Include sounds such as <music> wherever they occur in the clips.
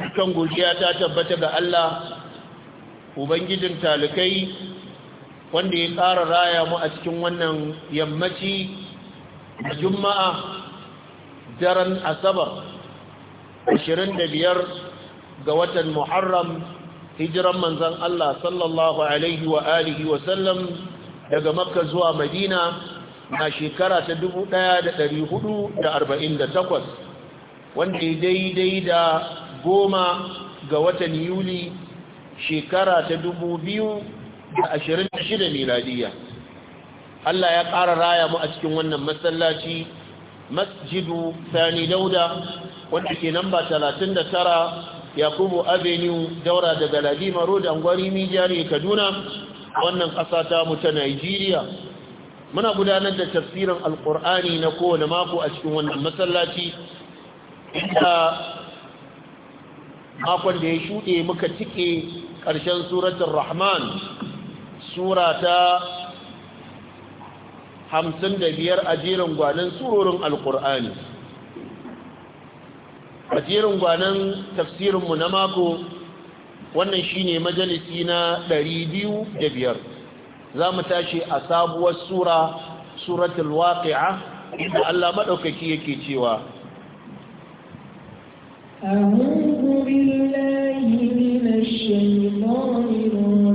dukan godiya ta tabbata ga Allah ubangijin talikai wanda ya ƙara raya mu a cikin wannan yammaci a juma'a daren asabar 25 ga watan muharram hijiran manzan Allah sallallahu alaihi wa alihi wa sallam daga makka zuwa madina a shekara ta 1448 wanda daidai da goma ga watan yuli shekara ta dubu biyu da ashirin da shida miladiya Allah ya ƙara raya mu a cikin wannan masallaci masjidu sani dauda wanda ke namba talatin da tara yakubu avenue daura daga ladima da angwari mijari kaduna wannan ƙasa ta mu ta nigeria muna gudanar da tafsirin alƙur'ani na kowane mako a cikin wannan masallaci inda makon da ya shuɗe muka cike ƙarshen suratun rahman surata hamsin da biyar a jerin gwanin surorin alkur'ani a jerin gwanin tafsirinmu na mako wannan shine majalisi na ɗari biyu da biyar za mu tashi a sabuwar sura suratul waƙi'a inda Allah maɗaukaki yake cewa بالله من الشيطان الرجيم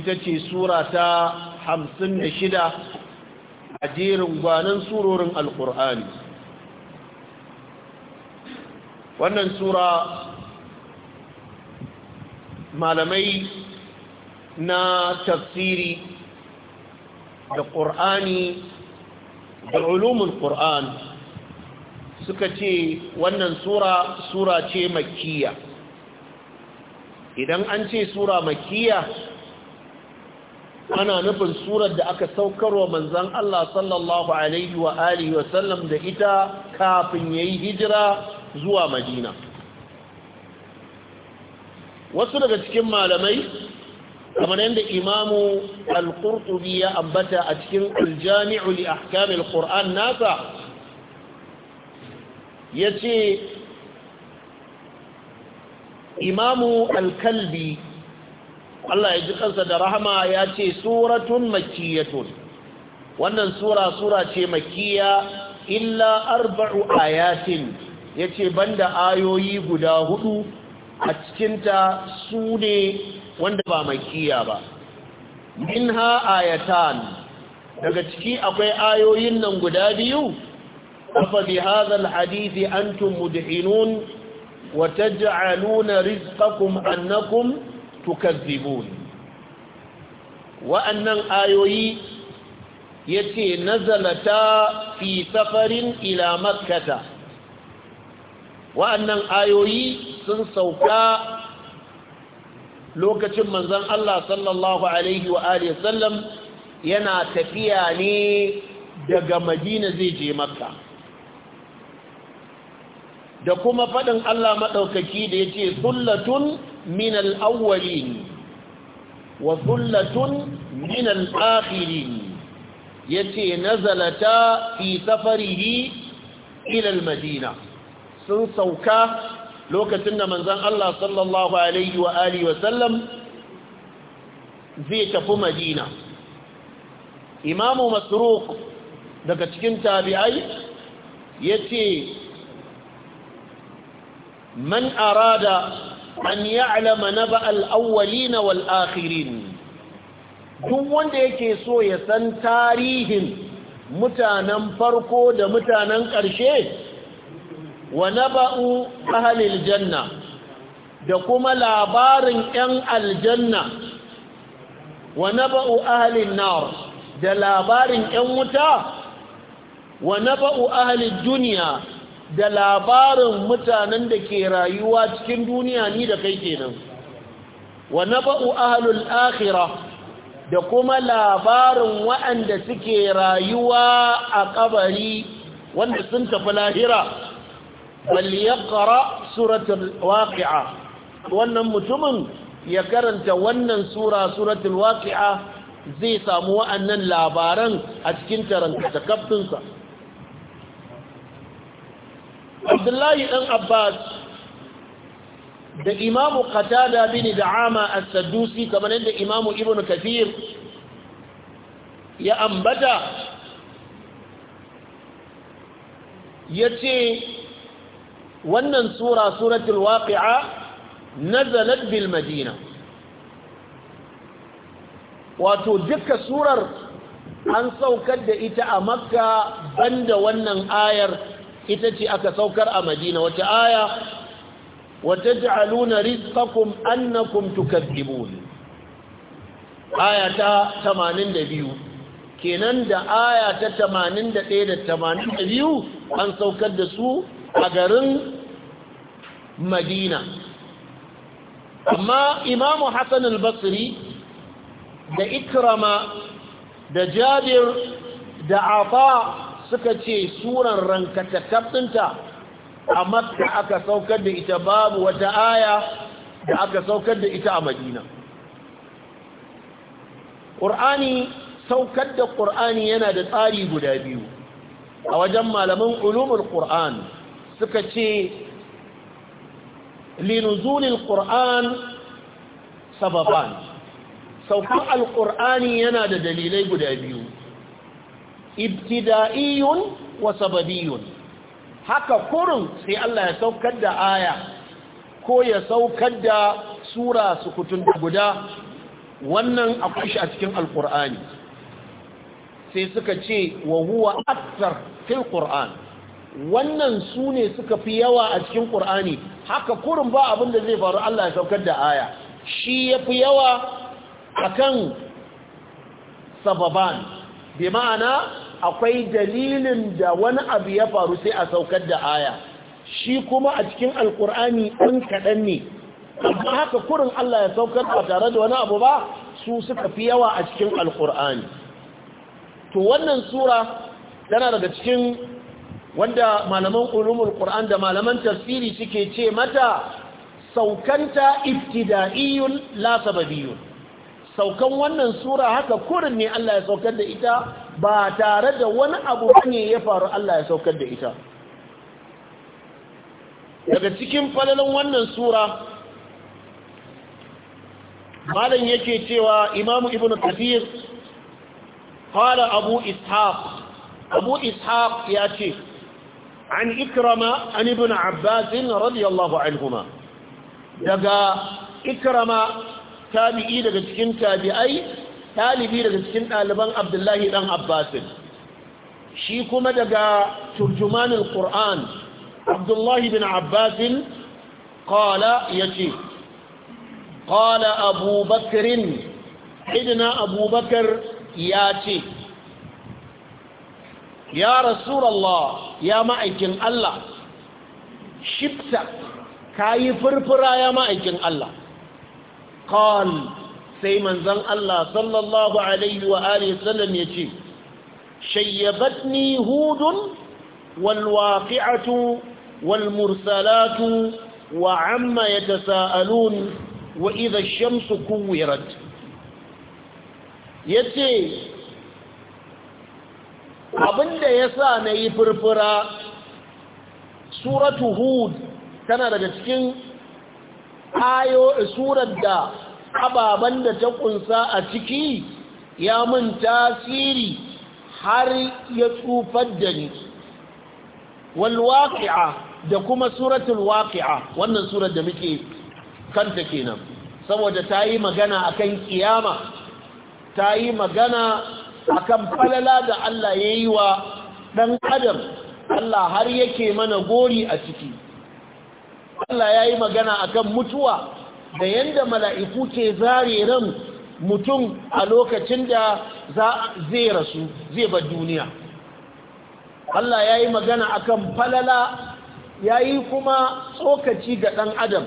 ita ce sura ta hamsin da shida a jerin gwanon surorin alkur'ani wannan sura malamai na tafsiri da ƙur'ani da ulumin ƙur'an suka ce wannan sura sura ce makiya idan an ce sura makiya ana nufin surar da aka saukarwa manzan Allah sallallahu alaihi wa alihi wa sallam da ita kafin ya yi hijira zuwa Madina wasu daga cikin malamai kamar yadda imamu al-qurtubi ya ambata a cikin Aljami'u li quran nasa ya ce imamu al-kalbi Allah ya ji kansa da rahama ya ce suratun makiyatun wannan sura sura ce makiya illa arba'u ayatin yace banda ayoyi guda hudu a cikinta sune wanda ba makiya ba minha ayatan daga ciki akwai ayoyin nan guda biyu afa bi hadha alhadith antum mudhinun wa taj'aluna rizqakum annakum tukazzibun wa'annan ayoyi yace nazalata fi safarin ila makkata wa'annan ayoyi sun sauka lokacin manzon Allah sallallahu alaihi wa alihi sallam yana tafiya ne daga Madina zai je Makka da kuma faɗin Allah maɗaukaki da ya ce, tun. من الأولين وثلة من الآخرين يتي نزلتا في سفره إلى المدينة سنسوكا لوكتن من ذن الله صلى الله عليه وآله وسلم زي تفو مدينة إمام مسروق daga cikin tabi'ai yace man arada an ya'lama naba al-awwalin na akhirin duk wanda yake so ya san tarihin mutanen farko da mutanen ƙarshe wa naba'u ahlil janna da kuma labarin 'yan aljanna wa naba'u ahlin nar da labarin 'yan wuta wa naba'u ahlid duniya da labarin mutanen da ke rayuwa cikin duniya ni da kai kenan wa naba'u ahlul akhirah da kuma labarin waɗanda suke rayuwa a kabari wanda sun tafi lahira bal yaqra suratul waqi'a wannan mutumin ya karanta wannan sura suratul waqi'a zai samu wa'annan labaran a cikin karanta takaffinsa abdullahi ɗan abbas da imamu qatada bin da'ama as-saddusi kamar yadda imamu ibnu kathir ya ambata yace wannan sura suratul waqi'a nazalat bil madina wato duka surar an saukar da ita a makka banda wannan ayar ita ce aka saukar a madina wata aya wata ja'aluna rizqakum annakum tukaddibun aya ta 82 kenan da aya ta 81 da 82 an saukar da su a garin madina amma imamu hassan al-basri da ikrama da jabir da afa suka ce suran rankatakaf ɗinta a makka aka saukar da ita babu wata aya da aka saukar da ita a madina ƙur'ani saukar da ƙur'ani yana da tsari guda biyu a wajen malaman ulumul ƙur'an suka ce linuzulil ƙur'an sababan saukar alƙur'ani yana da dalilai guda biyu ibtida'iyun wa sababiyun haka kurun sai Allah ya saukar da aya ko ya saukar da sura sukutun guda wannan akwai shi a cikin alkur'ani sai suka ce wa huwa akthar fil qur'an wannan su ne suka fi yawa a cikin qur'ani haka kurun ba abin da zai faru Allah ya saukar da aya shi ya fi yawa akan sababan bi ma'ana akwai dalilin da wani abu ya faru sai a saukar da aya shi kuma a cikin alkur'ani ɗan kaɗan ne amma haka kurin Allah ya saukar ba tare da wani abu ba su suka fi yawa a cikin alkur'ani to wannan sura tana daga cikin wanda malaman ulumul qur'an da malaman tafsiri suke ce mata saukanta ibtida'iyun la sababiyun saukan wannan sura haka kurin ne Allah ya saukar da ita ba tare da wani abu ne ya faru Allah ya saukar da ita daga cikin falalan wannan sura malam yake cewa imamu Ibn kathir qala abu ishaq abu ishaq ya ce an ikrama an ibnu abbas radiyallahu anhuma daga ikrama tabi'i daga cikin tabi'ai talibi daga cikin ɗaliban abdullahi ɗan abbasin shi kuma daga turjumanin ƙur'an abdullahi bin abbasin ƙala ya ce ƙala abubakirin idina abubakar ya ce ya rasulallah ya ma'aikin allah shifta ka yi furfura ya ma'aikin allah qal sai manzon Allah sallallahu alaihi wa alihi sallam yace shayyabatni hudun wal waqi'atu wal mursalatu wa amma yatasaalun wa idha ash-shamsu kuwirat yace abinda yasa nayi furfura suratu hud tana daga cikin ayo surar da ababen da ta kunsa a ciki ya mun tasiri har ya tsufar da ni walwaƙi'a da kuma suratul waƙi'a wannan surar da muke kanta kenan saboda ta yi magana akan kiyama ta yi magana akan falala da Allah ya yi wa ɗan adam Allah har yake mana gori a ciki Allah ya yi magana a kan mutuwa da yadda mala'iku ke zare ran mutum a lokacin da zai rasu zai bar duniya Allah ya yi magana a kan falala ya yi kuma tsokaci ga ɗan adam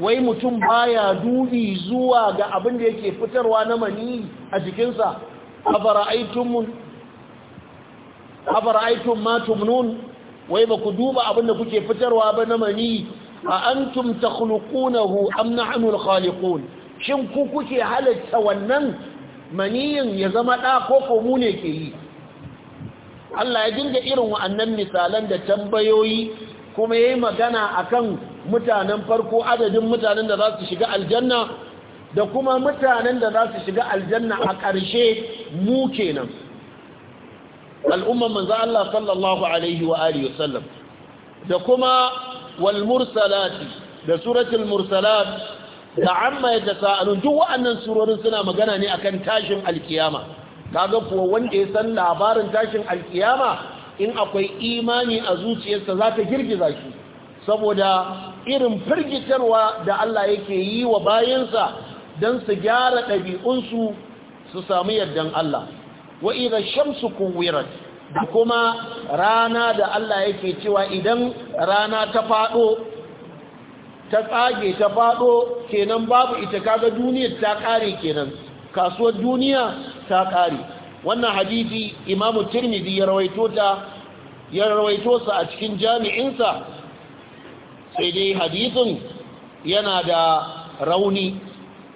wai mutum baya dubi zuwa ga abin da yake fitarwa na mani a jikinsa a matumnun, wai ba ku duba abin da kuke fitarwa ba na mani a antum takhluqunahu am Amna al-khaliqun shin ku kuke halatta wannan maniyin ya zama da ko ko mu ne ke yi Allah ya dinga irin wa'annan misalan da tambayoyi kuma yayi magana a kan mutanen farko adadin mutanen da za su shiga aljanna da kuma mutanen da za su shiga aljanna a ƙarshe mu kenan al'umman manzo Allah sallallahu alaihi wa wasallam da kuma wal mursalati da suratul mursalat da amma duk wa'annan surorin suna magana ne akan tashin alkiyama kaga kuwa wanda ya san labarin tashin alkiyama in akwai imani a zuciyarsa za ta girgiza shi saboda irin firgitarwa da Allah yake yi wa bayansa don su gyara ɗabi'unsu su sami yardan Allah wa idha shamsu kuwirat da kuma rana da Allah yake cewa idan rana ta faɗo ta tsage ta faɗo kenan babu ita kaga duniyar ta ƙare kenan kasuwar duniya ta ƙare wannan hadisi imamu tirmidhi ya rawaito ta ya rawaito sa a cikin jami'insa sai dai hadisin yana da rauni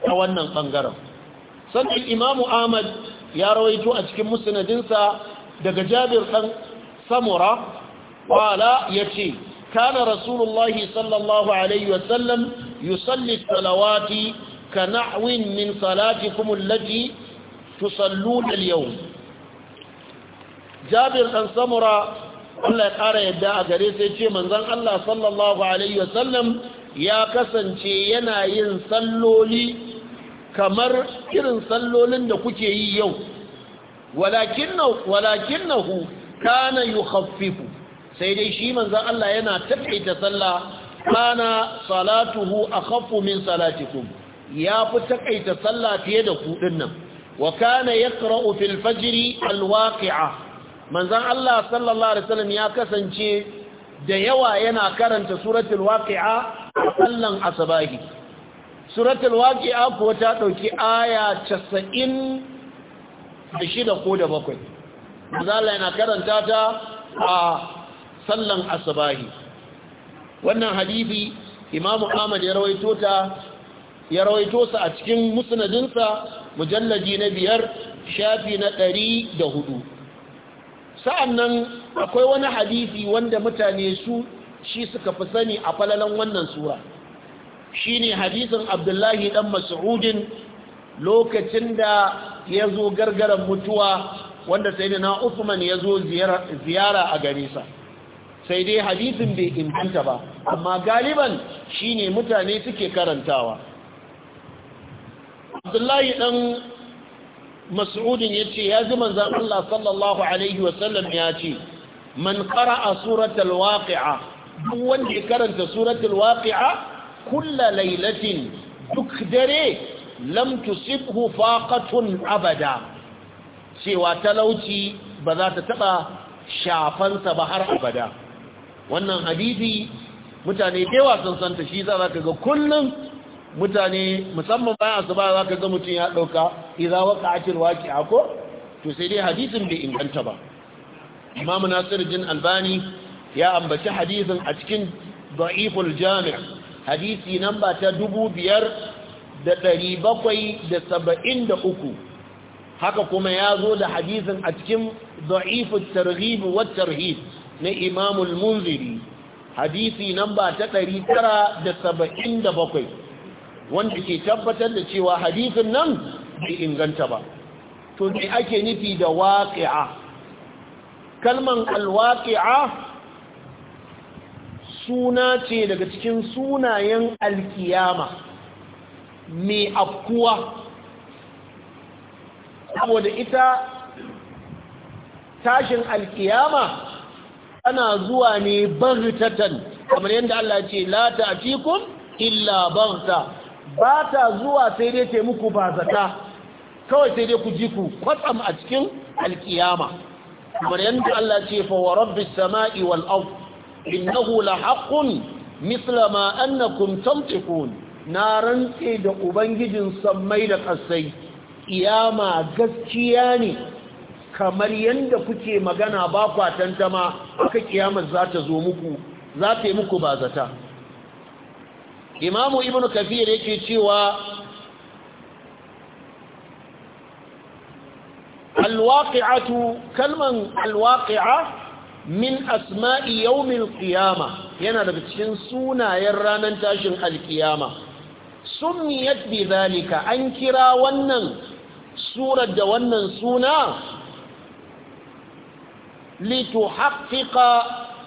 ta wannan ɓangaren sannan imamu ahmad ya rawaito a cikin musnadinsa daga jabir ɗan samura wala ya ce kana rasulullahi sallallahu alaihi wasallam yusalli salawati ka na'win min salati kuma lati tusallun yau jabir ɗan samura Allah ya ƙara yadda a gare sai ce manzan Allah sallallahu alaihi wasallam ya kasance yana yin salloli kamar irin sallolin da kuke yi yau walakinahu kana yukhaffifu sai dai shi manzon Allah yana taƙaita sallah kana salatuhu akhaffu min salatikum ya fi taƙaita sallah fiye da ku dinnan wa kana yaqra'u fil fajr al waqi'a manzon Allah sallallahu alaihi wasallam ya kasance da yawa yana karanta suratul waqi'a a sallan asabahi suratul waqi'a ko ta dauki aya 90 da shida ko da bakwai mazala yana karanta ta a sallan asubahi wannan hadithi imamu ahmad ya rawaito ta ya rawaito sa a cikin musnadinsa mujallaji na biyar shafi na ɗari da hudu sa'annan akwai wani hadisi wanda mutane su shi suka fi sani a falalan wannan sura Shi ne hadisin abdullahi dan mas'udin lokacin da ya zo gargaran mutuwa wanda sai da na usman ya zo ziyara a gare sa sai dai hadisin bai inganta ba amma galiban shine mutane suke karantawa Abdullahi dan Mas'udin yace ya ji manzon Allah sallallahu alaihi wasallam ya ce man qara'a suratul waqi'a duk wanda ya karanta suratul waqi'a kullu lailatin duk dare lam tusibhu faqatun abada cewa talauci ba za ta taba shafansa ba har abada wannan hadisi mutane dewa sun santa shi za ka ga kullum mutane musamman bayan asuba za ka ga mutum ya dauka idza waqa'atil waqi'a ko to sai dai hadisin bai inganta ba imam nasiruddin albani ya ambaci hadisin a cikin da'iful jami' hadisi namba ta biyar. da ɗari bakwai da saba'in da uku haka kuma ya zo da hadisin a cikin za'ifin targhibu wa tarhib na imamul munziri hadisi nan ba ta ɗari tara da saba'in da bakwai wanda ke tabbatar da cewa hadisin nan bai inganta ba to me ake nufi da waƙi'a kalman alwaƙi'a suna ce daga cikin sunayen alkiyama mai afkuwa saboda ita tashin alkiyama ana zuwa ne baghtatan kamar yadda Allah ce la ta'tikum illa baghta ba ta zuwa sai dai ta muku bazata kawai sai dai ku ji ku kwatsam a cikin alkiyama kamar yadda Allah ce fa wa rabbis samai wal ard innahu lahaqqun mithla ma annakum tamtikun na rantse da ubangijin sammai da ƙasai ƙiyama gaskiya ne kamar yadda kuke magana ba kwatanta ma aka ƙiyamar za ta zo muku za ta yi muku ba zata imamu ibn kafir yake cewa alwaƙi'atu kalman alwaƙi'a min asma'i yawmin ƙiyama yana daga cikin sunayen ranar tashin alƙiyama summiyat bi zalika an kira wannan surar da wannan suna lituhaqqiqa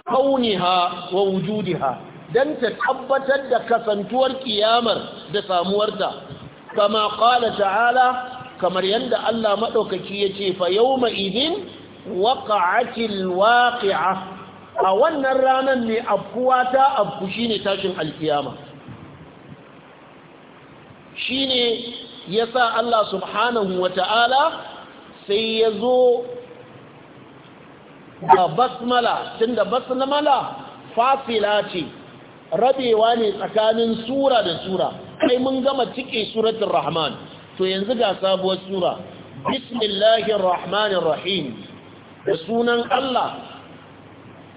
kauniha wa wujudiha dan ta tabbatar da kasantuwar kiyamar da samuwarta kama qala ta'ala kamar yanda Allah madaukaki yace fa yawma idin waqa'atil waqi'a a wannan ranan ne afkuwa ta shine tashin alkiyama shine sa Allah subhanahu wata'ala sai ya zo da basmala tunda basmala fasila ce rabewa ne tsakanin sura da sura kai mun gama cike suratun rahman to yanzu ga sabuwar sura bismillahir rahmanir rahim da sunan Allah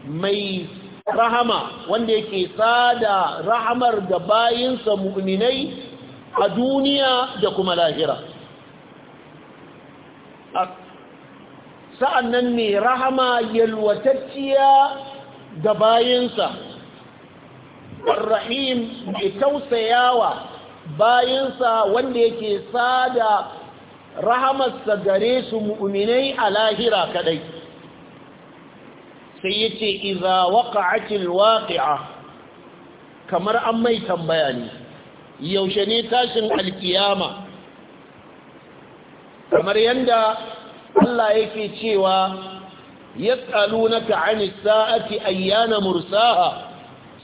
mai rahama wanda yake sada rahamar da bayinsa mu'minai a duniya da kuma lahira sa'an nan ne rahama yalwatacciya ga bayinsa rahim mai tausayawa bayinsa wanda yake sada rahamarsa gare su mu'uminai a lahira kadai sai yake iza waqa'atil waqi'a kamar an mai tambaya ne yaushe ne tashin alkiyama kamar yadda Allah yake cewa ka 'anis sa'ati ayyana mursaha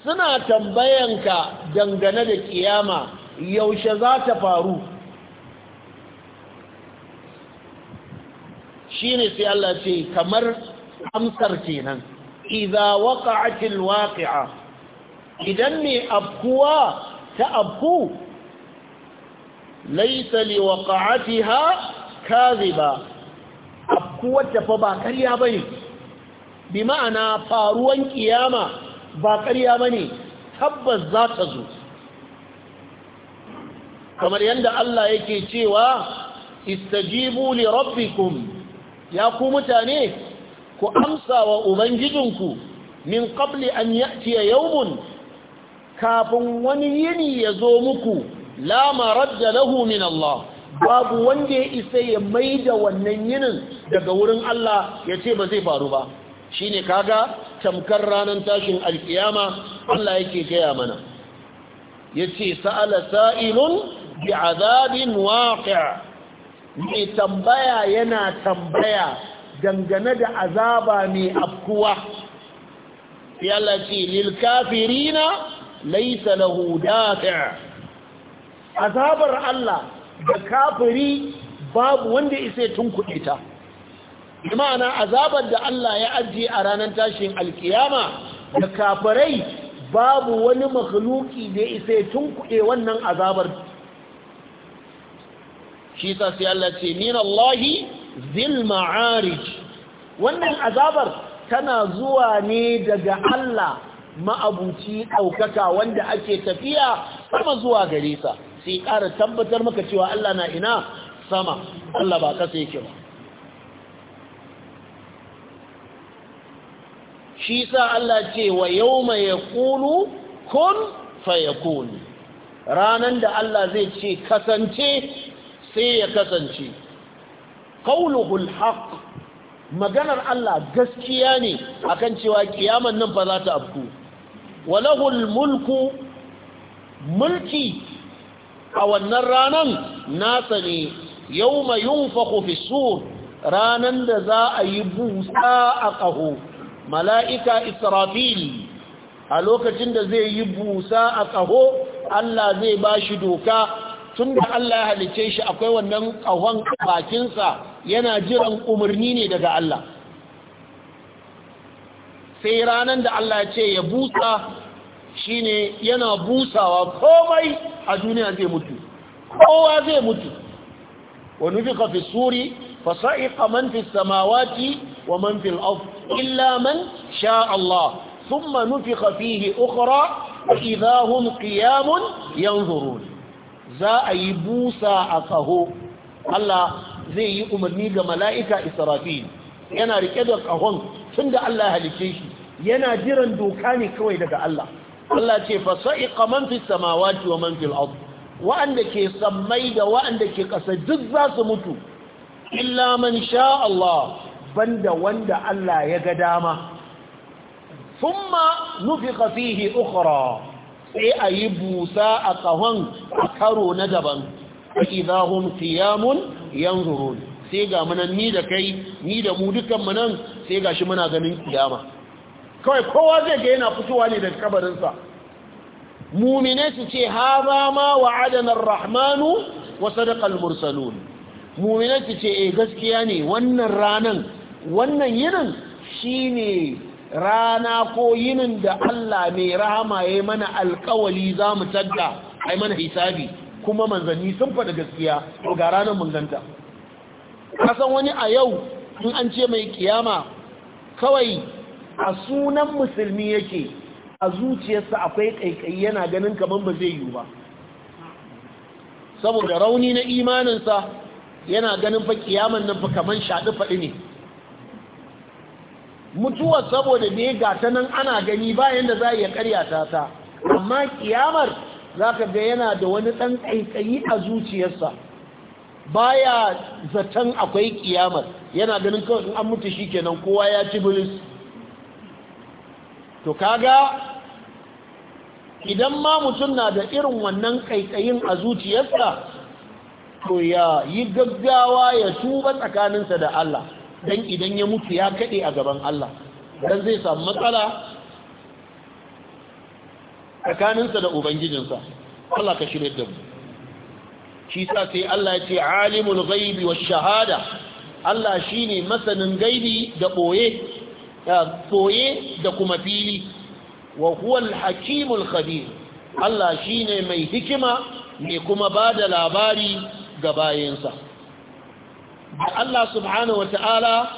suna tambayanka dangane da kiyama yaushe za ta faru shine sai Allah ce kamar amsar kenan idza waqa'atil waqi'a idan ne afkuwa ta abku laisa li waqa'atiha kadhiba abku wadda fa ba ƙarya bane bi ma'ana faruwan kiyama ba ƙarya bane tabbas za ta zo kamar yadda Allah yake cewa istajibu li rabbikum ya ku mutane ku amsa wa ubangijinku min qabli an ya'tiya yawmun kafin wani yini ya zo muku la maradda lahu min Allah babu wanda ya isa ya maida wannan yinin daga wurin Allah ya ce ba zai faru ba ne kaga tamkar ranar tashin alkiyama Allah yake gaya mana yace sa'ala sa'ilun azabin waqi' mai tambaya yana tambaya dangane da azaba mai afkuwa ya lati lil kafirina laisa lahu dafi' azabar Allah da kafiri babu wanda isa tun kuɗe ta ma'ana azabar da Allah ya ajiye a ranar tashin alkiyama da kafirai babu wani makhluki da isa tun kuɗe wannan azabar shi sa sai Allah ce min zil ma'arij wannan azabar tana zuwa ne daga Allah ma'abuci ɗaukaka wanda ake tafiya sama zuwa gare sa sai ƙara tabbatar maka cewa Allah na ina sama Allah ba kasa yake ba shi sa Allah ce wa yauma yaqulu kun fayakun ranan da Allah zai ce kasance sai ya kasance qauluhul haq, maganar Allah gaskiya ne akan cewa kiyaman nan ba za ta afku walahul mulku mulki a wannan ranan nasa ne yau mai fi ranan da za a yi busa a ƙaho mala'ika israfil a lokacin da zai yi busa a ƙaho Allah zai ba shi doka tun da Allah ya halice shi akwai wannan ƙahon bakinsa yana jiran umarni ne daga Allah sai ranar da Allah ya ce ya busa shine yana busawa komai a duniya zai mutu kowa zai mutu wa nufika kafin suri fa sa'iqa samawati wa man fi illa man sha Allah sun nufika fihi ukhra idha hum qiyamun za a yi busa a kaho Allah zai yi umarni ga mala'ika Israfil yana rike da kahon tunda Allah halice shi yana jiran doka ne kawai daga Allah Allah ce fa sa'iqa man fi samawati wa man fil ard wa'anda ke sammai da wa'anda ke ƙasa duk za su mutu illa man sha Allah banda wanda Allah ya ga dama thumma nufiqa fihi ukhra sai ayi busa a kahon karo na daban idahum qiyamun yanzurun sai ga munan ni da kai ni da mu dukan munan sai gashi muna ganin kiyama kawai kowa zai ga yana fitowa ne daga kabarinsa mumine su ce haza ma adana rahmanu wa sadaqal mursalun mumine su ce eh gaskiya ne wannan ranan wannan yinin shine rana ko yinin da Allah mai rahama yayi mana alkawali za mu tadda ai mana hisabi kuma manzanni sun faɗa gaskiya to ga ranar mun ganta kasan wani a yau in an ce mai kiyama kawai a sunan musulmi yake a zuciyarsa akwai ƙaiƙayi yana ganin kamar ba zai yiwu ba saboda rauni na imaninsa yana ganin fa kiyaman nan fa kamar shaɗi faɗi ne mutuwar saboda ne ga ta nan ana gani bayan da za a iya karyata ta amma kiyamar za ka ga yana da wani ɗan ƙaiƙayi a zuciyarsa baya zaton akwai kiyamar yana ganin kawai in an mutu shi kenan kowa ya ci bilis to kaga idan ma mutum na da irin wannan kaikayin a zuciyarsa to ya yi gaggawa ya tuba tsakaninsa da Allah don idan ya mutu ya kaɗe a gaban Allah don zai samu matsala tsakaninsa da ubangijinsa Allah ka shirye da mu shi sa sai Allah ya ce alimul gaibi wa shahada Allah shine masanin gaibi da ɓoye. soye da kuma fili wa huwa hakimul khabir Allah shine mai hikima mai kuma bada labari ga bayansa Allah subhanahu wata'ala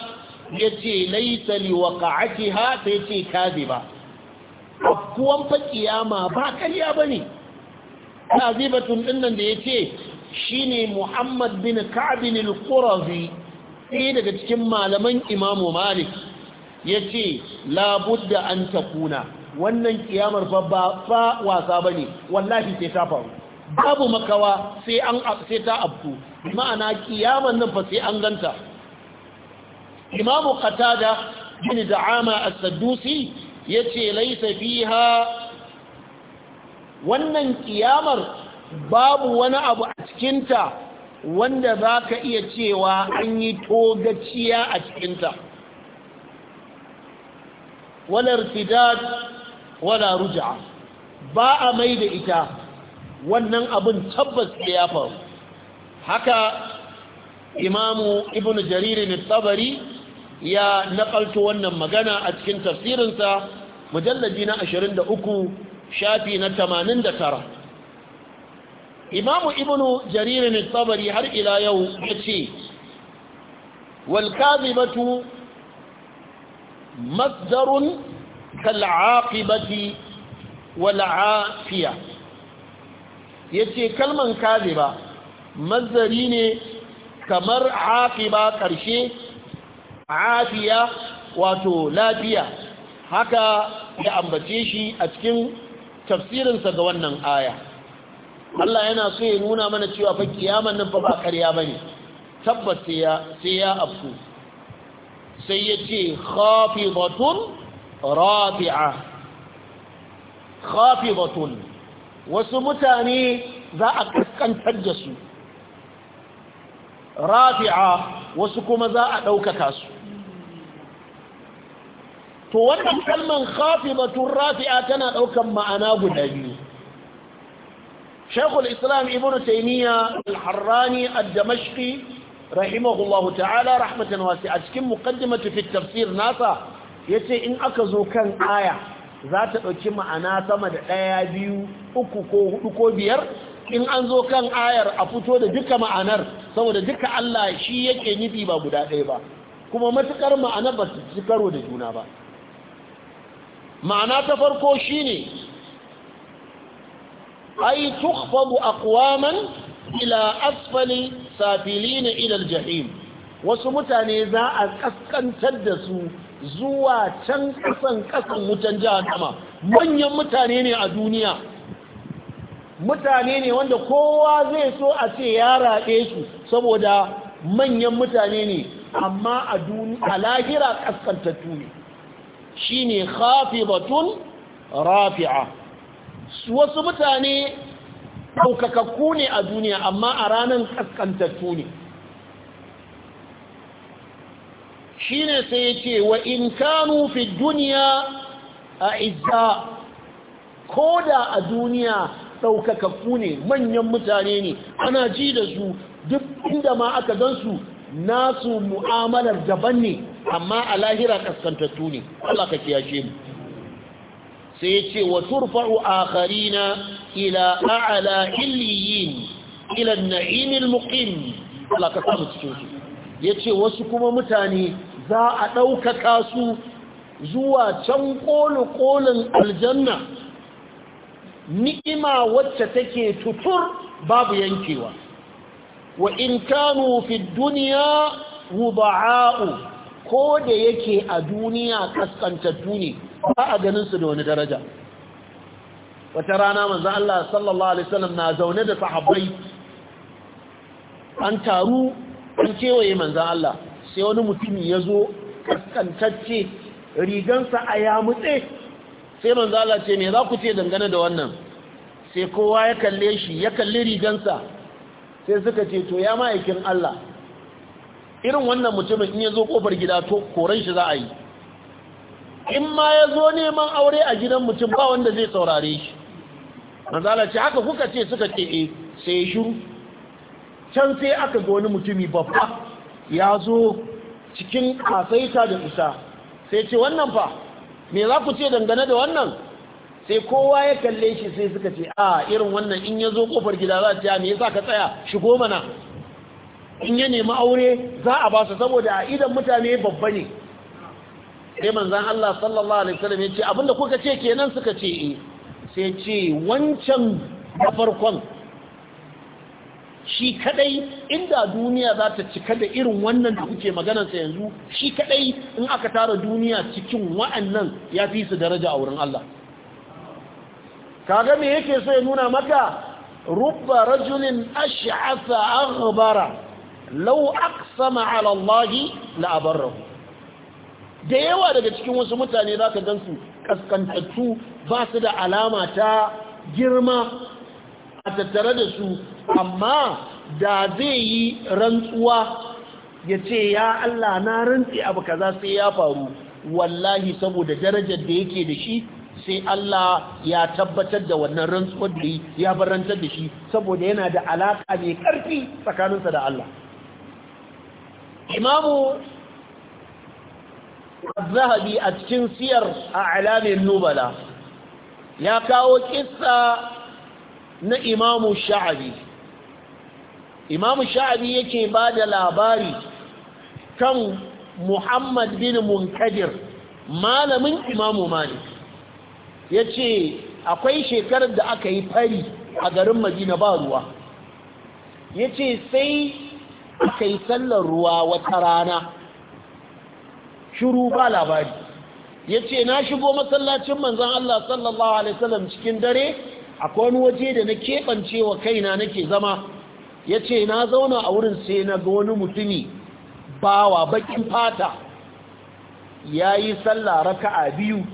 yace laita li waqa'atiha yace kadiba kuwan fa kiyama ba ƙarya bane kazibatun dinnan da ce shine Muhammad bin Ka'b al-Qurazi ɗaya daga cikin malaman Imam Malik ya ce labudda an takuna wannan kiyamar ba fa wasa ba ne wallafi sai ta faru babu makawa sai ta abdu ma'ana kiyamar nan fa sai an ganta imamu qatada bin da'ama as-saddusi yace laysa fiha wannan kiyamar babu wani abu a cikinta wanda za ka iya cewa an yi togaciya a cikinta wala irtidad wala ruj'a ba a mai da ita wannan abin tabbas da ya faru haka imamu ibnu jarir ne tabari ya nakalto wannan magana a cikin tafsirinsa mujallaji na 23 shafi na 89 imamu ibnu Jaririn Tsabari har ila yau ya ce wal batu. مصدر كالعاقبة والعافية yace kalman kaziba mazari ne kamar aqiba karshe afiya wato lafiya haka ya ambace shi a cikin tafsirinsa ga wannan aya Allah yana so ya nuna mana cewa fa kiyaman nan fa ba ƙarya bane tabbas sai ya sai ya afku sai ya ce batun rafi'a batun wasu mutane za a kaskantar da su rafi'a wasu kuma za a ɗaukaka su to wannan kalman batun rafi'a tana ɗaukan ma'ana guda biyu shekul islam ibn taimiyya al-harrani al rahimahullahu ta'ala rahmatan wasi a cikin muqaddimatu fi nasa ya ce in aka zo kan aya za ta dauki ma'ana sama da ɗaya biyu uku ko hudu ko biyar in an zo kan ayar a fito da duka ma'anar saboda duka Allah shi yake nufi ba guda ɗaya ba kuma matukar ma'anar ba su ci karo da juna ba ma'ana ta farko shine ai tukhfadu aqwaman ila asfali ne ilal aljahim wasu mutane za a kaskantar da su zuwa can kasan kasan wutan jahannama manyan mutane ne a duniya mutane ne wanda kowa zai so a ce ya raɗe su saboda manyan mutane ne amma a duniya lahira kaskantattu ne khafi batun rafi'a wasu mutane ɗaukakakku ne a duniya amma a ranar ƙasƙantattu ne shi ne sai ya wa in kanu fi duniya a izza ko da a duniya ɗaukakakku ne manyan mutane ne ana ji da su duk inda ma aka gansu nasu mu'amalar daban ne amma a lahira ƙasƙantattu ne Allah ka kiyashe mu sai ya ce wa turfa'u akharina ila a'la ila an-na'im al na Allah ka samu mutukinsu. Ya yace wasu kuma mutane za a ɗaukaka su zuwa can ƙoli-ƙolin aljanna ni'ima wacce take tutur babu yankewa wa in kanu fi duniya wuba'a'u ko da yake a duniya kaskantattu ne ba a ganin su da wani daraja wata rana manzo Allah sallallahu alaihi wasallam na zaune da sahabbai an taru an kewaye manzo Allah sai wani mutumi ya zo kaskantacce rigansa a yamutse sai manzo Allah ce me za ku ce dangane da wannan sai kowa ya kalle shi ya kalli rigansa sai suka ce to ya ma'aikin Allah irin wannan mutumin in ya zo kofar gida to koran shi za a yi in ma ya zo neman aure a gidan mutum ba wanda zai saurare shi manzala ce haka kuka ce suka ce e sai shiru can sai aka ga wani mutumi babba ya zo cikin kasaita da isa sai ce wannan fa me za ku ce dangane da wannan sai kowa ya kalle shi sai suka ce a ah, irin wannan in ya zo kofar gida za ta ah, me yasa ka tsaya shigo mana in ya nemi aure za a ba su saboda a idan mutane babba ne sai manzan Allah sallallahu alaihi wasallam ya ce abinda kuka ce kenan suka ce eh sai ce wancan na farkon shi kadai inda duniya za ta cika da irin wannan da kuke maganarsa yanzu shi kadai in aka tara duniya cikin wa'annan ya fi su daraja a wurin Allah kaga me yake so ya nuna maka rubba rajulin ash'atha aghbara law aqsama ala Allah la abarrahu da yawa daga cikin wasu mutane za ka gansu kaskantattu ba su da alama ta girma a tattare da su amma da zai yi rantsuwa ya ce ya Allah na rantsi abu kaza sai ya faru wallahi saboda darajar da yake da shi sai Allah ya tabbatar da wannan rantsuwar da ya barantar da shi saboda yana da alaka mai karfi tsakaninsa da Allah imamu zahabi a cikin siyar a alamin nubala ya kawo kissa na imamu sha'abi imamu sha'abi yake ba da labari kan muhammad bin munkadir malamin imamu malik ya ce akwai shekarar da aka yi fari a garin madina ba ruwa ya ce sai aka yi sallar ruwa wata rana shiru ba labari ya ce na shigo masallacin manzan Allah sallallahu Alaihi wasallam cikin dare a wani waje da na keɓance wa kaina nake zama ya ce na zauna a wurin sai na ga wani mutumi bawa bakin fata ya yi sallah a biyu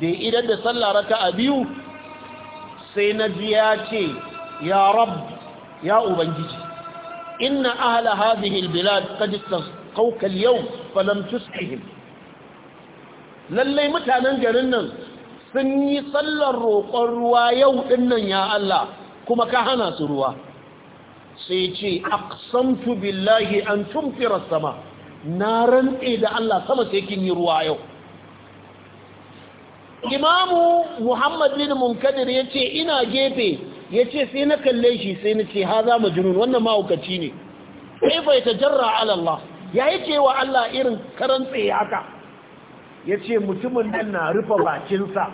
da idan da sallah raka'a biyu sai na ji ya ce ya rab ya ubangiji inna ahla hazihil bilad qad kaukal yau falam tusqihim lallai mutanen garin nan sun yi tsallar roƙon ruwa yau dinnan ya Allah kuma ka hana su ruwa sai ce aqsamtu billahi an tumfira sama na rantse da Allah sama sai kin yi ruwa yau imamu muhammad bin munkadir ya ce ina gefe ya ce sai na kalle shi sai na ce ha za mu jinun wannan ma'aukaci ne sai bai ta jarra Allah ya yi cewa Allah irin rantse haka ya ce mutumin nan na rufe bakinsa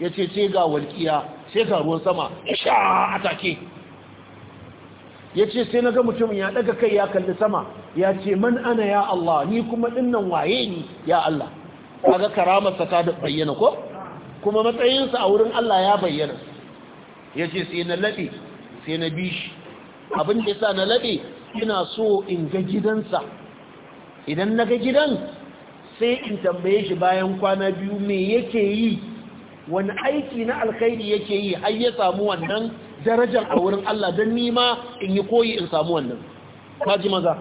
ya ce ce ga walƙiya sai ga ruwan sama sha a take ya ce sai na ga mutumin ya ɗaga kai ya kalli sama ya ce man ana ya Allah ni kuma ɗinnan waye ni ya Allah kaga karamarsa ta bayyana ko kuma matsayinsa a wurin Allah ya bayyana ya ce sai na laɓe sai na bi shi abin da ya sa na laɓe ina so in ga gidansa idan na ga gidan sai in tambaye shi bayan kwana biyu me yake yi wani aiki na alkhairi yake yi har ya samu wannan darajar a wurin Allah don nima in yi koyi in samu wannan kaji maza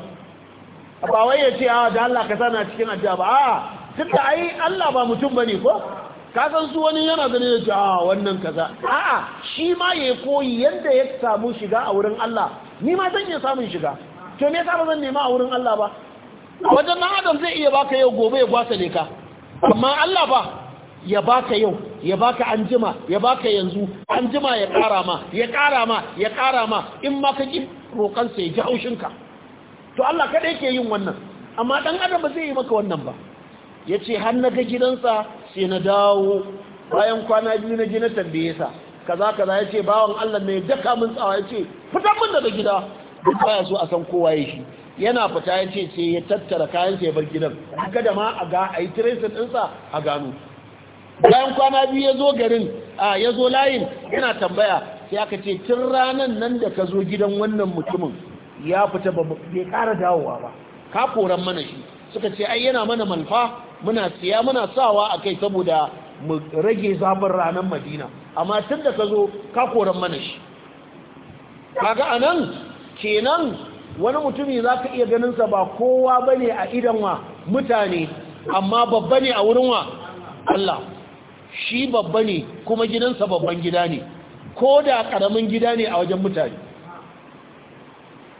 ba wai ya ce a ah, da Allah ka sana cikin ajiya ba a da ai Allah ba mutum bane ko ka san su wani yana ganin da ce ah, wannan kaza a'a shi ma ya koyi yadda ya samu shiga a wurin Allah ni ma zan iya samun shiga to me yasa ba zan nema a wurin Allah ba wajen na adam zai iya baka yau gobe ya gwasale ka amma Allah ba ya baka yau ya baka anjima ya baka yanzu anjima ya kara ma ya kara ma ya kara ma in ma ka ji roƙon sai ji haushin ka to Allah kada yake yin wannan amma dan adam ba zai yi maka wannan ba yace har na ga gidansa sai na dawo bayan kwana biyu na ji na tambaye sa kaza kaza yace bawan Allah ne daka mun tsawa yace fitan mun daga gida duk baya so a san kowa yake yana fita ya ce sai ya tattara kayan ya bar gidan kada ma a ga a yi tracing ɗinsa a gano bayan kwana biyu ya zo garin a ya zo layin yana tambaya sai aka ce tun ranar nan da ka zo gidan wannan mutumin ya fita ba bai kara dawowa ba ka koran mana shi suka ce ai yana mana manfa muna siya muna sawa a kai saboda mu rage zafin ranar madina amma tun da ka zo ka koran mana shi kaga anan kenan wani mutumi za ka iya ganinsa ba kowa ba ne a idanwa mutane amma babba ne a wurinwa Allah shi babba ne kuma gidansa babban gida ne ko da ƙaramin gida ne a wajen mutane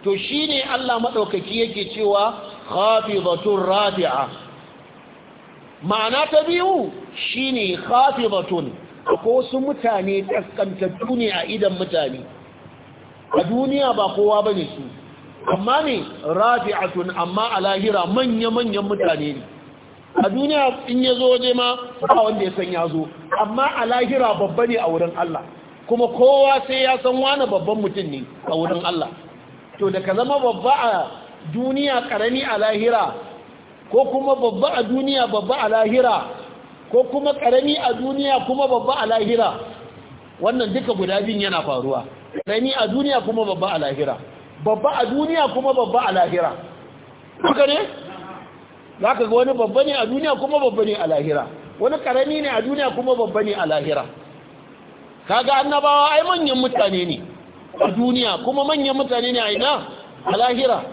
to shi ne Allah maɗaukaki yake cewa batun rabi'a ma'ana ta biyu shi ne batun. ko su mutane ƙasƙantattu ne a idan mutane a duniya ba kowa ba ne su amma ne rafi'atun amma a lahira manya-manyan mutane ne a duniya in ya zo waje ma ba wanda ya san ya zo amma a lahira babba ne a wurin Allah kuma kowa sai ya san wani babban mutum ne a wurin Allah to da ka zama babba a duniya karami a lahira ko kuma babba a duniya babba a lahira ko kuma karami a duniya kuma babba a lahira wannan duka guda biyun yana faruwa karami a duniya kuma babba a lahira babba a duniya kuma babba a lahira duka ne za ka ga wani babba ne a duniya kuma babba ne a lahira wani karami ne a duniya kuma babba ne a lahira Ka ga annabawa ai manyan mutane ne a duniya kuma manyan mutane ne a ina a lahira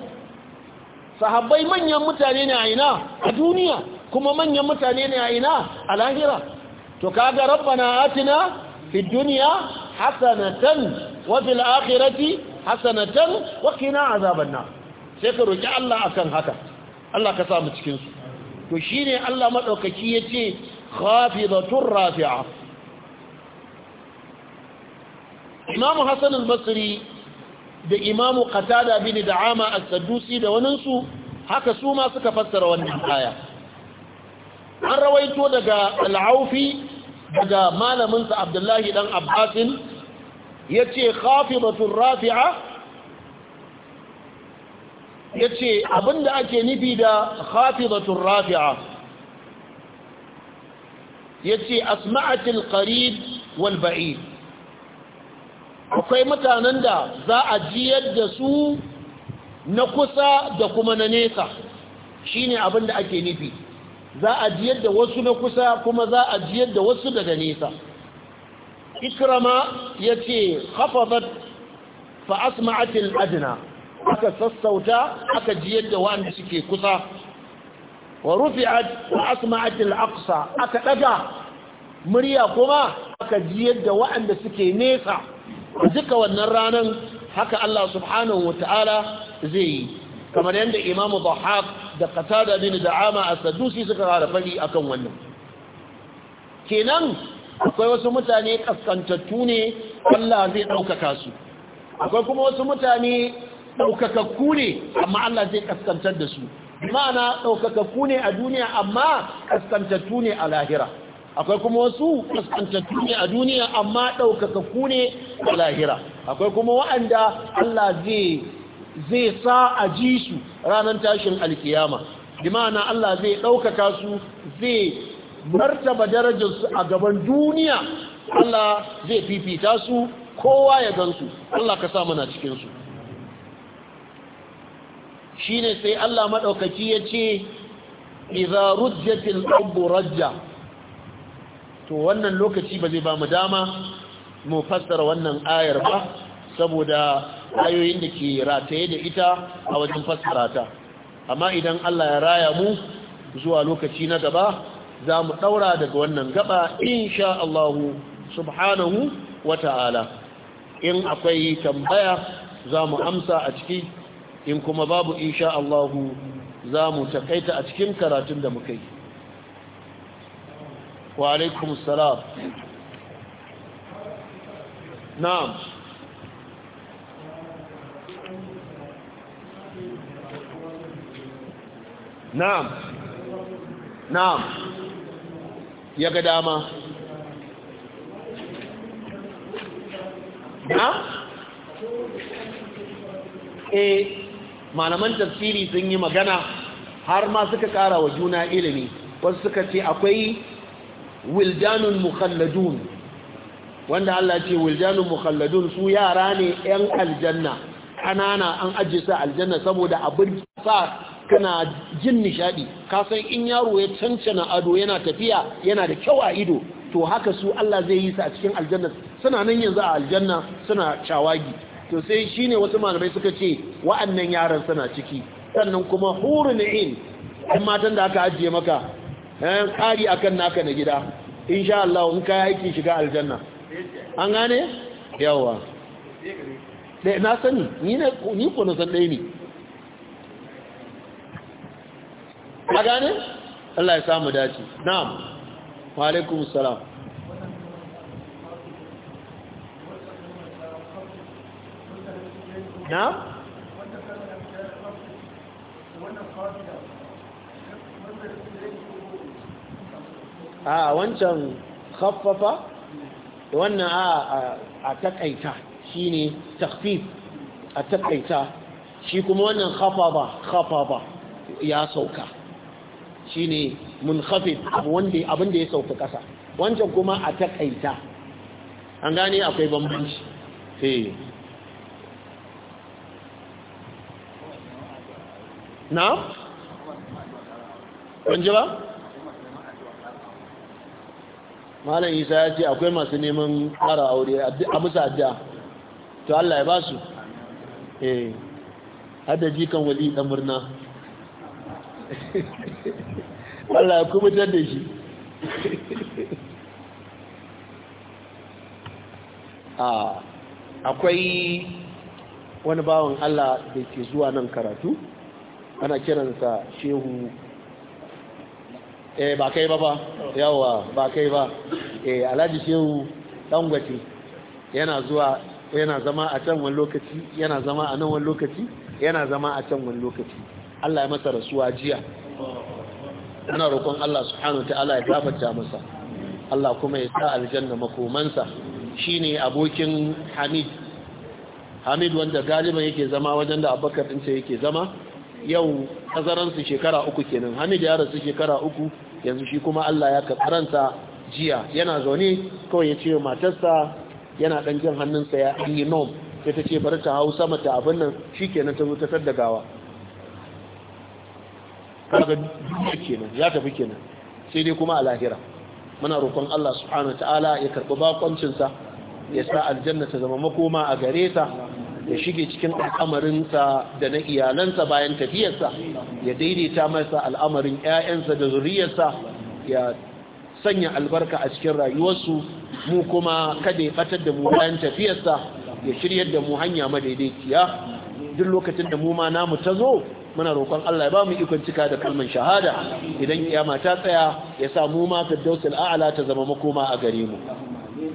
sahabbai manyan mutane ne a ina a duniya kuma manyan mutane ne a ina a lahira to ka ga rabba na atina fi duniya hasanatan wa fil akhirati hasanatan wa qina azaban sai ka roki Allah akan haka Allah ka sa mu cikin su to shine Allah madaukaki yace khafidatur rafi'a Imam Hassan al-Basri da Imam Qatada bin Da'ama as-Saddusi da waninsu haka su ma suka fassara wannan aya an rawaito daga al-Aufi daga malamin sa Abdullahi dan Abbasin yace khafidatur rafi'a yace abinda ake nufi da khafidatur rafi'a yace asma'atul qarib wal ba'id akwai mutanen da za a jiyar da su na kusa da kuma na nesa shine abinda ake nufi za a jiyar da wasu na kusa kuma za a jiyar da wasu daga nesa ikrama ya ce hafafat fa'asma'atil adina aka sassauta aka ji yadda wa'anda suke kusa wa rufi'at asma'atil aqsa aka ɗaga murya kuma aka ji yadda wa'anda suke nesa duka wannan ranar haka Allah subhanahu wa ta'ala zai yi kamar yadda imamu bahab da qatada bin da'ama a sadusi suka fari akan wannan kenan akwai wasu mutane kaskantattu ne Allah zai ɗaukaka su akwai kuma wasu mutane ɗaukakakku ne amma Allah zai kaskantar da su ma'ana ɗaukakakku ne a duniya amma kaskantattu ne a lahira akwai kuma wasu kaskantattu ne a duniya amma ɗaukakakku ne a lahira akwai kuma waɗanda Allah zai sa a ji su ranar tashin alkiyama bi ma'ana Allah zai ɗaukaka su zai martaba darajarsu a gaban duniya Allah zai fifita su kowa ya gansu Allah ka sa mana cikinsu shi ne sai Allah maɗaukaki ya ce iza rujjatin abu rajja to wannan lokaci ba zai ba mu dama mu fassara wannan ayar ba saboda ayoyin da ke rataye da ita a wajen fassara ta amma idan Allah ya raya mu zuwa lokaci na gaba za mu ɗaura daga wannan gaba insha Allahu subhanahu wa ta'ala in akwai tambaya za mu amsa a ciki in kuma babu insha Allahu za mu takaita a cikin karatun da muka yi wa alaikum salam na'am na'am na'am ya ga dama na? e eh, malaman tafsiri sun yi magana har ma suka kara wa juna ilimi wasu suka ce akwai wildanun mukhalladun wanda Allah ce wildanun mukhalladun su yara ne 'yan aljanna ƙanana an ajiye su aljanna saboda abin sa kana jin nishadi kasan in yaro ya cancana ado yana tafiya yana da kyau a ido to haka su Allah zai yi su a cikin aljanna suna nan yanzu a aljanna suna shawagi to sai shine wasu malamai suka ce wa'annan yaran suna ciki sannan kuma hurun in matan da aka ajiye maka eh kari akan naka na gida insha Allah in ka aiki shiga aljanna an gane yawa eh, na sani ni ko na san dai ne ka gane Allah ya samu dace na'am wa alaikum salam na'am a wancan khaffafa wannan a a takaita shine takhfif a takaita shi kuma wannan khaffafa khaffafa ya sauka shine munkhafid abu wanda abin da ya sauka kasa wancan kuma a takaita an gane akwai bambanci eh na ji ba malam isa ya ce akwai masu neman ƙara aure a musa ajiya. to allah ya ba su eh hada jikan wali dan murna wala <laughs> ya kubutar da shi <laughs> ah, akwai wani bawan Allah da ke zuwa nan karatu ana kiransa shehu eh ba kai ba ba yawa ba kai ba eh alhaji shehu dangwace yana zuwa yana zama a can wani lokaci yana zama a nan wani lokaci yana zama a can wani lokaci Allah ya masa rasuwa jiya Ana roƙon Allah subhanahu ta'ala ya gafarta masa Allah kuma ya sa aljanna makomansa shine abokin Hamid Hamid wanda galiban yake zama wajen da Abubakar din yake zama yau tazaransu shekara uku kenan Hamid ya rasu shekara uku yanzu shi kuma Allah ya karanta jiya yana zaune kawai ya ce matarsa yana ɗan jin hannunsa ya yi nom sai ta ce bari ta hau sama ta abin nan shi kenan ta zo ta gawa kaga duniya kenan ya tafi kenan sai dai kuma a lahira muna roƙon Allah subhanahu ta'ala ya karɓi bakoncinsa ya sa aljanna ta zama makoma a gare sa ya shige cikin al'amarin sa da na iyalansa bayan tafiyar sa, ya daidaita masa al'amarin 'ya'yansa da zuriyar sa, ya sanya albarka a cikin rayuwarsu mu kuma kada ya batar da mu bayan tafiyar sa, ya shiryar da mu hanya madaidaiciya duk lokacin da mu ma namu ta zo muna roƙon Allah ya ba mu ikon cika da kalman shahada idan kiyama ta tsaya ya sa mu ma firdausul a'la ta zama makoma a gare mu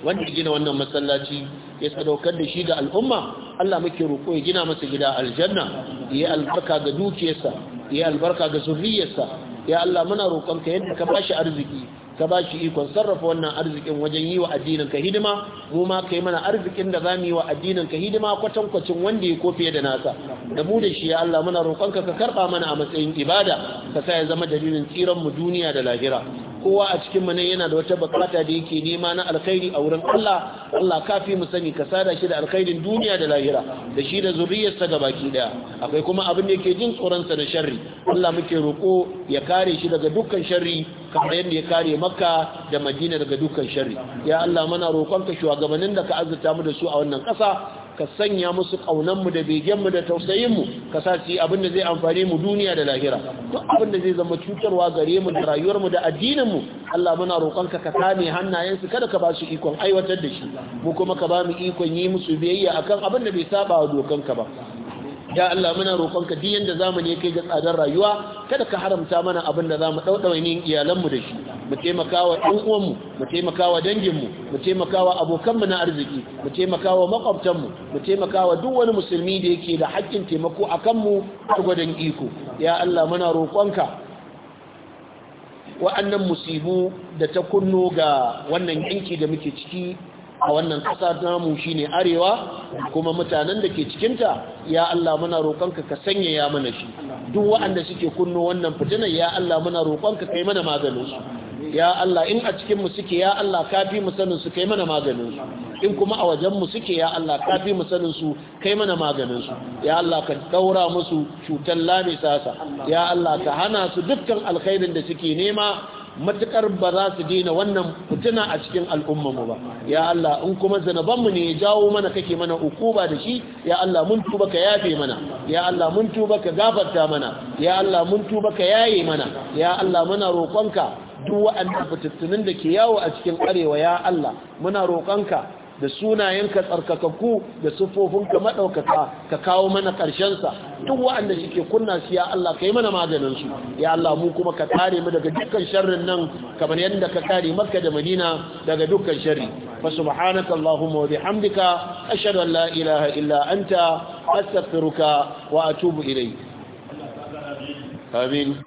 wanda gina wannan masallaci ya sadaukar da shi ga al'umma Allah muke roƙo ya gina masa gida aljanna ya albarka ga dukiyarsa ya albarka ga zurriyarsa ya Allah muna roƙonka yadda ka bashi arziki ka ba shi ikon sarrafa wannan arzikin wajen yi wa addinin ka hidima mu ma kai mana arzikin da zamu yi wa addinin ka hidima kwatankwacin wanda ya kofiye da nasa da mu da shi ya Allah muna roƙonka ka karɓa mana a matsayin ibada ka sa ya zama dalilin tsiran mu duniya da lahira kowa a cikin mana yana da wata bukata da yake nema na alkhairi a wurin Allah Allah kafi mu sani ka sada shi da alkhairin duniya da lahira da shi da zuriyarsa ga baki daya akwai kuma abin da yake jin tsoron sa da sharri Allah muke roko ya kare shi daga dukkan sharri kamar yadda ya kare Makka da Madina daga dukkan sharri ya Allah muna roƙon ka shugabannin da ka azurta mu da su a wannan ƙasa ka sanya musu ƙaunanmu da begenmu da tausayinmu ka sa su abin da zai amfani mu duniya da lahira duk abin da zai zama cutarwa gare mu da rayuwarmu da addininmu Allah muna roƙonka ka kame hannayensu kada ka ba su ikon aiwatar da shi mu kuma ka ba mu ikon yi musu biyayya akan abin da bai saba wa dokanka ba ya Allah muna roƙonka duk yanda zamani ya kai ga tsadar rayuwa kada ka haramta mana abin da zamu daudawa yin iyalanmu da shi mu taimakawa ɗan uwanmu mu taimakawa danginmu mu taimakawa abokanmu na arziki mu taimakawa makwabtanmu mu taimakawa duk wani musulmi da yake da haƙƙin taimako akan mu har gwadon iko ya Allah muna roƙonka wa'annan musibu da ta kunno ga wannan yanki da muke ciki a wannan ƙasa namu ne arewa kuma mutanen da ke cikinta ya Allah muna roƙonka ka sanya ya mana shi duk waɗanda suke kunno wannan fitinar ya Allah muna roƙonka kai mana maganin su ya Allah in a cikin mu suke ya Allah ka fi mu sanin su kai mana maganin su in kuma a wajen mu suke ya Allah ka fi mu sanin su kai mana maganin su ya Allah ka daura musu cutar lami sasa ya Allah ka hana su dukkan alkhairin da suke nema matukar ba za su dina wannan fitina a cikin al'ummanmu ba ya Allah in kuma zanabanmu ne ya jawo mana kake mana ukuba da shi ya Allah mun tuba ka yafe mana ya Allah mun tuba ka gafarta mana ya Allah mun tuba ka yaye mana ya Allah muna roƙonka duk waɗannan fitattunin da ke yawo a cikin arewa ya Allah muna roƙonka da sunayenka tsarkakakku da siffofinka maɗaukaka ka kawo mana ƙarshensa duk waɗanda suke kunna su ya Allah ka yi mana maganinsu ya Allah mu kuma ka tare mu daga dukkan sharrin nan kamar yadda ka kare makka da madina daga dukkan sharri fa subhanaka allahumma wa bihamdika ashhadu an la ilaha illa anta astaghfiruka wa atubu ilayk amin